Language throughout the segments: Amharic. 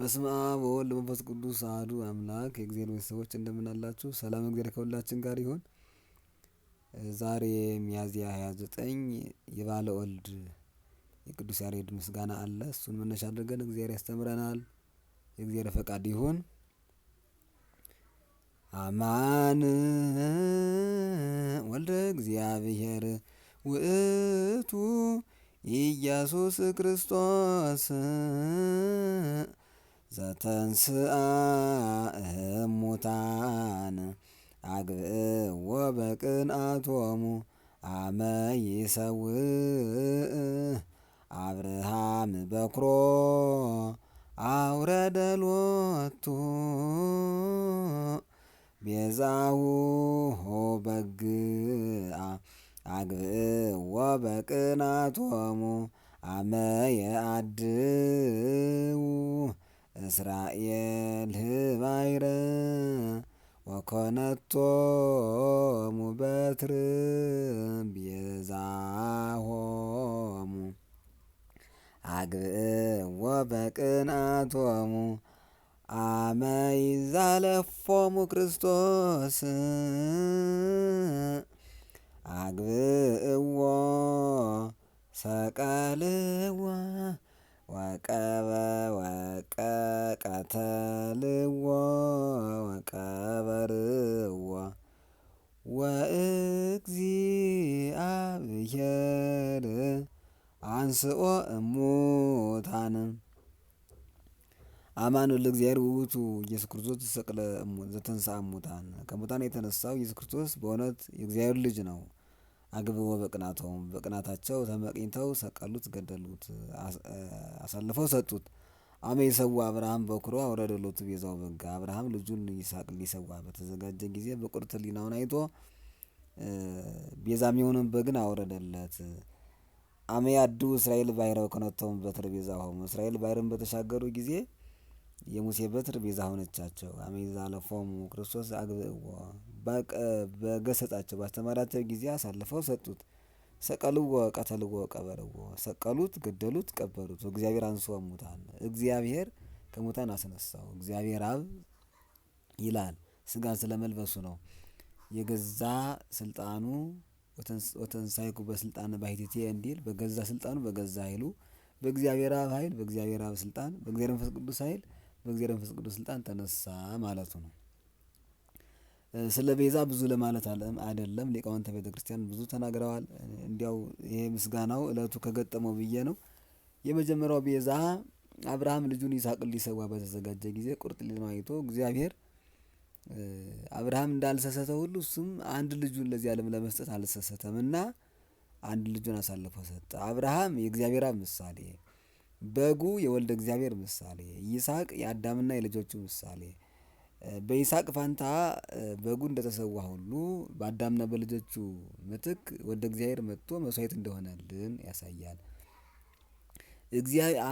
በስመ አብ ወወልድ ወመንፈስ ቅዱስ አሐዱ አምላክ። የእግዚአብሔር ቤተሰቦች እንደምን አላችሁ? ሰላም እግዚአብሔር ከሁላችን ጋር ይሁን። ዛሬ ሚያዝያ 29 የባለ ወልድ የቅዱስ ያሬድ ምስጋና አለ። እሱን መነሻ አድርገን እግዚአብሔር ያስተምረናል። የእግዚአብሔር ፈቃድ ይሁን። አማን ወልደ እግዚአብሔር ውእቱ ኢየሱስ ክርስቶስ ዘተንስአ እሙታን አግብእዎ በቅንአቶሙ አመ ይሰውእ አብርሃም በኵሮ አውረደ ሎቱ ቤዛውሁ በግአ አግብእዎ በቅንአቶሙ አመ የአድኅ እስራኤል ህባይረ ወኮነቶሙ በትርብ የዛሆሙ አግብእዎ በቅንአቶሙ አመይ ዛለፎሙ ክርስቶስ አግብእዎ ሰቀልዎ ወቀበ ወቀ ወቀተልዎ ወቀበርዎ ወእግዚአብሔር አንስኦ እሙታን አማኑኤል ለእግዚአብሔር ውእቱ ኢየሱስ ክርስቶስ ዘተሰቅለ ዘተንሳ እሙታን። ከሙታን የተነሳው ኢየሱስ ክርስቶስ በእውነት የእግዚአብሔር ልጅ ነው። አግብኦ በቅናቶም በቅናታቸው ተመቅኝተው ሰቀሉት፣ ገደሉት፣ አሳልፈው ሰጡት። አሜሰዋ አብርሃም በኩሮ አውረደ ሎቱ ቤዛው በጋ። አብርሃም ልጁን ይስሐቅን ሊሰዋ በተዘጋጀ ጊዜ በቁርት ሊናውን አይቶ ቤዛ የሚሆንን በግን አውረደለት። አሜ አዱ እስራኤል ባሕረ በትር ቤዛ ቤዛሆሙ። እስራኤል ባሕርን በተሻገሩ ጊዜ የሙሴ በትር ቤዛ ሆነቻቸው። አመ ይዛለፎሙ ክርስቶስ አግብእዎ። በገሰጻቸው ባስተማራቸው ጊዜ አሳልፈው ሰጡት። ሰቀልዎ ቀተልዎ ቀበርዎ ሰቀሉት፣ ገደሉት፣ ቀበሩት እግዚአብሔር አንሶ እሙታን እግዚአብሔር ከሙታን አስነሳው። እግዚአብሔር አብ ይላል ሥጋን ስለመልበሱ ነው። የገዛ ስልጣኑ ወተንሳይኩ በስልጣን ባሕቲቴ እንዲል በገዛ ስልጣኑ በገዛ ኃይሉ በእግዚአብሔር አብ ኃይል በእግዚአብሔር አብ ስልጣን በእግዚአብሔር መንፈስ ቅዱስ ኃይል በእግዚአብሔር መንፈስ ቅዱስ ስልጣን ተነሳ ማለቱ ነው። ስለ ቤዛ ብዙ ለማለት አይደለም ሊቃውንተ ቤተ ክርስቲያን ብዙ ተናግረዋል። እንዲያው ይሄ ምስጋናው እለቱ ከገጠመው ብዬ ነው። የመጀመሪያው ቤዛ አብርሃም ልጁን ይስሐቅን ሊሰዋ በተዘጋጀ ጊዜ ቁርጥ ሊና አይቶ እግዚአብሔር አብርሃም እንዳልሰሰተ ሁሉ እሱም አንድ ልጁን ለዚህ ዓለም ለመስጠት አልሰሰተም እና አንድ ልጁን አሳልፎ ሰጠ። አብርሃም የእግዚአብሔር አብ ምሳሌ፣ በጉ የወልደ እግዚአብሔር ምሳሌ፣ ይስሐቅ የአዳምና የልጆቹ ምሳሌ በይስሐቅ ፋንታ በጉ እንደተሰዋ ሁሉ በአዳምና በልጆቹ ምትክ ወደ እግዚአብሔር መጥቶ መስዋዕት እንደሆነልን ያሳያል።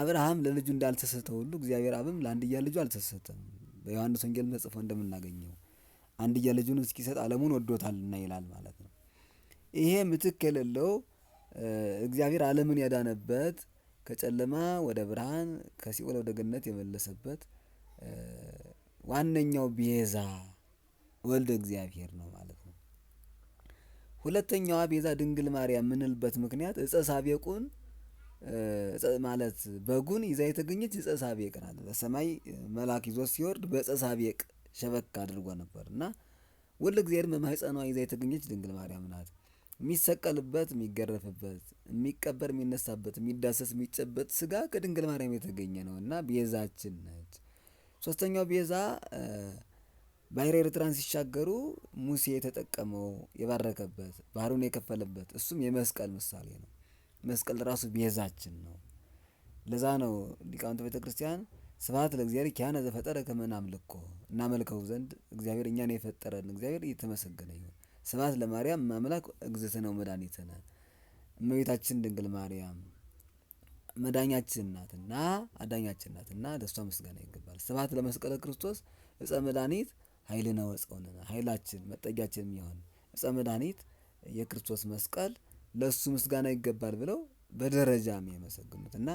አብርሃም ለልጁ እንዳልተሰተ ሁሉ እግዚአብሔር አብም ለአንድያ ልጁ አልተሰተም በዮሐንስ ወንጌል ተጽፎ እንደምናገኘው አንድያ ልጁን እስኪሰጥ ዓለሙን ወዶታልና ይላል ማለት ነው። ይሄ ምትክ የሌለው እግዚአብሔር ዓለምን ያዳነበት ከጨለማ ወደ ብርሃን ከሲኦል ወደ ገነት የመለሰበት ዋነኛው ቤዛ ወልደ እግዚአብሔር ነው ማለት ነው። ሁለተኛዋ ቤዛ ድንግል ማርያም የምንልበት ምክንያት እጸ ሳቤቁን ማለት በጉን ይዛ የተገኘች እጸ ሳቤቅ ናት። በሰማይ መልአክ ይዞ ሲወርድ በእጸ ሳቤቅ ሸበካ አድርጎ ነበር እና ወልደ እግዚአብሔር በማኅፀኗ ይዛ የተገኘች ድንግል ማርያም ናት። የሚሰቀልበት፣ የሚገረፍበት፣ የሚቀበር፣ የሚነሳበት፣ የሚዳሰስ፣ የሚጨበጥ ስጋ ከድንግል ማርያም የተገኘ ነው እና ቤዛችን ነች። ሶስተኛው ቤዛ ባሕረ ኤርትራን ሲሻገሩ ሙሴ የተጠቀመው የባረከበት ባህሩን የከፈለበት እሱም የመስቀል ምሳሌ ነው። መስቀል ራሱ ቤዛችን ነው። ለዛ ነው ሊቃውንት ቤተ ክርስቲያን ስብሐት ለእግዚአብሔር ኪያነ ዘፈጠረ ከመ ናምልኮ፣ እናመልከው ዘንድ እግዚአብሔር እኛን የፈጠረን እግዚአብሔር እየተመሰገነ ይሁን። ስብሐት ለማርያም ማምላክ እግዝእትነ ወመድኃኒትነ እመቤታችን ድንግል ማርያም መዳኛችን ናትና አዳኛችን ናትና ለእሷ ምስጋና ይገባል። ስብሐት ለመስቀለ ክርስቶስ እፀ መድኃኒት ኃይልነ ወፀውንነ ኃይላችን መጠጊያችን የሚሆን እፀ መድኃኒት የክርስቶስ መስቀል ለእሱ ምስጋና ይገባል ብለው በደረጃ የመሰግኑት እና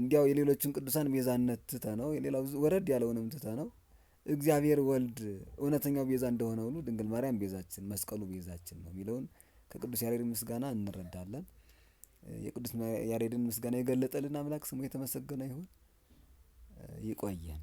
እንዲያው የሌሎችን ቅዱሳን ቤዛነት ትተ ነው የሌላው ወረድ ያለውንም ትተ ነው እግዚአብሔር ወልድ እውነተኛው ቤዛ እንደሆነ ሁሉ ድንግል ማርያም ቤዛችን መስቀሉ ቤዛችን ነው የሚለውን ከቅዱስ ያሬድ ምስጋና እንረዳለን። የቅዱስ ያሬድን ምስጋና የገለጠልን አምላክ ስሙ የተመሰገነ ይሁን። ይቆየን።